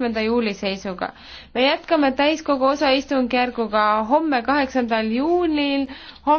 kaheteistkümnenda juuli seisuga. me jätkame täiskogu osaistungjärguga homme, kaheksandal juunil homme